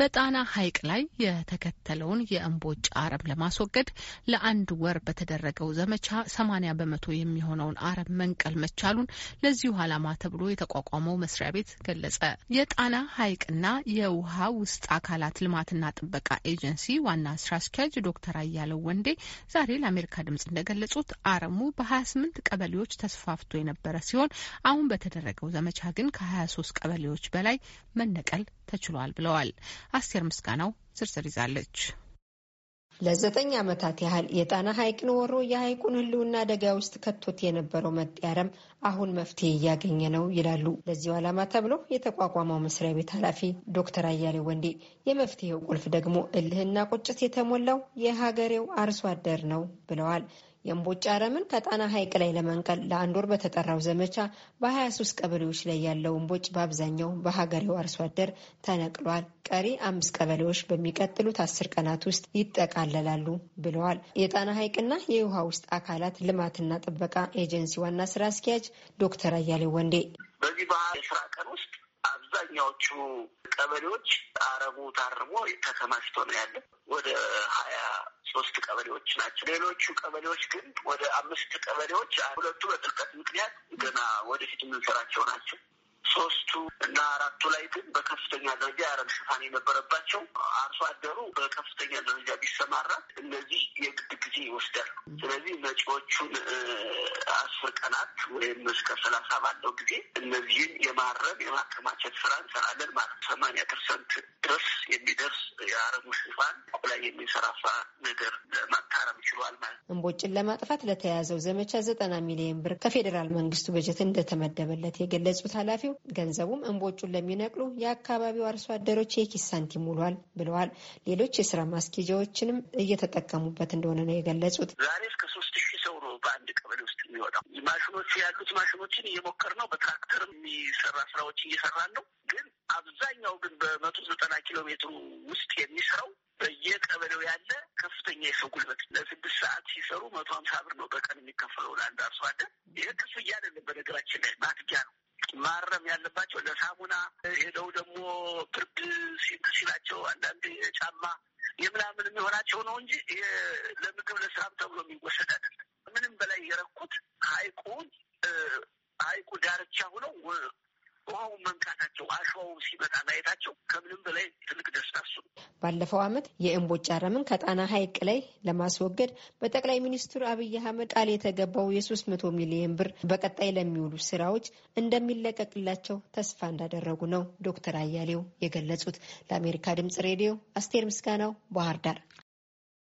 በጣና ሐይቅ ላይ የተከተለውን የእንቦጭ አረም ለማስወገድ ለአንድ ወር በተደረገው ዘመቻ ሰማኒያ በመቶ የሚሆነውን አረም መንቀል መቻሉን ለዚሁ ዓላማ ተብሎ የተቋቋመው መስሪያ ቤት ገለጸ። የጣና ሐይቅና የውሃ ውስጥ አካላት ልማትና ጥበቃ ኤጀንሲ ዋና ስራ አስኪያጅ ዶክተር አያለው ወንዴ ዛሬ ለአሜሪካ ድምጽ እንደገለጹት አረሙ በ28 ቀበሌዎች ተስፋፍቶ የነበረ ሲሆን አሁን በተደረገው ዘመቻ ግን ከ23 ቀበሌዎች በላይ መነቀል ተችሏል ብለዋል። አስቴር ምስጋናው ዝርዝር ይዛለች። ለዘጠኝ ዓመታት ያህል የጣና ሐይቅን ወሮ የሐይቁን ሕልውና አደጋ ውስጥ ከቶት የነበረው መጤ አረም አሁን መፍትሄ እያገኘ ነው ይላሉ ለዚሁ ዓላማ ተብሎ የተቋቋመው መስሪያ ቤት ኃላፊ ዶክተር አያሌ ወንዴ። የመፍትሄው ቁልፍ ደግሞ እልህና ቁጭት የተሞላው የሀገሬው አርሶ አደር ነው ብለዋል። የእምቦጭ አረምን ከጣና ሐይቅ ላይ ለመንቀል ለአንድ ወር በተጠራው ዘመቻ በ23 ቀበሌዎች ላይ ያለው እምቦጭ በአብዛኛው በሀገሬው አርሶ አደር ተነቅሏል። ቀሪ አምስት ቀበሌዎች በሚቀጥሉት አስር ቀናት ውስጥ ይጠቃለላሉ ብለዋል። የጣና ሐይቅና የውሃ ውስጥ አካላት ልማትና ጥበቃ ኤጀንሲ ዋና ስራ አስኪያጅ ዶክተር አያሌው ወንዴ በዚህ የስራ ቀን ውስጥ አብዛኛዎቹ ቀበሌዎች አረሙ ታርሞ ተከማችቶ ነው ያለ። ወደ ሌሎቹ ቀበሌዎች ግን ወደ አምስት ቀበሌዎች ሁለቱ በጥልቀት ምክንያት ገና ወደፊት የምንሰራቸው ናቸው። ሶስቱ እና አራቱ ላይ ግን በከፍተኛ ደረጃ የአረም ሽፋን የነበረባቸው አርሶ አደሩ በከፍተኛ ደረጃ ቢሰማራ እነዚህ የግድ ጊዜ ይወስዳል። ስለዚህ መጪዎቹን አስር ቀናት ወይም እስከ ሰላሳ ባለው ጊዜ እነዚህን የማረም የማከማቸት ስራ እንሰራለን ማለት ሰማንያ ፐርሰንት ድረስ የሚደርስ የአረሙ ሽፋን ላይ የሚንሰራፋ ነገር መታረም ይችሏል ማለት ነው። እንቦጭን ለማጥፋት ለተያዘው ዘመቻ ዘጠና ሚሊዮን ብር ከፌዴራል መንግስቱ በጀት እንደተመደበለት የገለጹት ኃላፊው ገንዘቡም እንቦጩን ለሚነቅሉ የአካባቢው አርሶ አደሮች የኪስ ሳንቲም ውሏል ብለዋል። ሌሎች የስራ ማስኬጃዎችንም እየተጠቀሙበት እንደሆነ ነው የገለጹት። ዛሬ እስከ ሶስት ሺህ ሰው ነው በአንድ ቀበሌ ውስጥ የሚወጣው። ማሽኖች ያሉት ማሽኖችን እየሞከር ነው። በትራክተር የሚሰራ ስራዎች እየሰራን ነው። ግን አብዛኛው ግን በመቶ ዘጠና ኪሎ ሜትሩ ውስጥ የሚሰራው ቀበሌው ያለ ከፍተኛ የሰው ጉልበት ለስድስት ሰዓት ሲሰሩ መቶ ሀምሳ ብር ነው በቀን የሚከፈለው ለአንድ አርሶ አደር። ይህ ክፍያ አይደለም፣ በነገራችን ላይ ማትጊያ ነው። ማረም ያለባቸው ለሳሙና ሄደው ደግሞ ብርድ ሲላቸው አንዳንድ ጫማ የምናምን የሚሆናቸው ነው እንጂ ለምግብ ለስራም ተብሎ የሚወሰድ አይደለም። ምንም በላይ የረኩት ሀይቁን ሀይቁ ዳርቻ ሁነው ውሃውን መንካታቸው አሸዋው ሲመጣ ማየታቸው ከምንም በላይ ትልቅ ደስታ እሱ ነው። ባለፈው ዓመት የእምቦጭ አረምን ከጣና ሐይቅ ላይ ለማስወገድ በጠቅላይ ሚኒስትር አብይ አህመድ ቃል የተገባው የሶስት መቶ ሚሊዮን ብር በቀጣይ ለሚውሉ ስራዎች እንደሚለቀቅላቸው ተስፋ እንዳደረጉ ነው ዶክተር አያሌው የገለጹት። ለአሜሪካ ድምጽ ሬዲዮ አስቴር ምስጋናው ባህር ዳር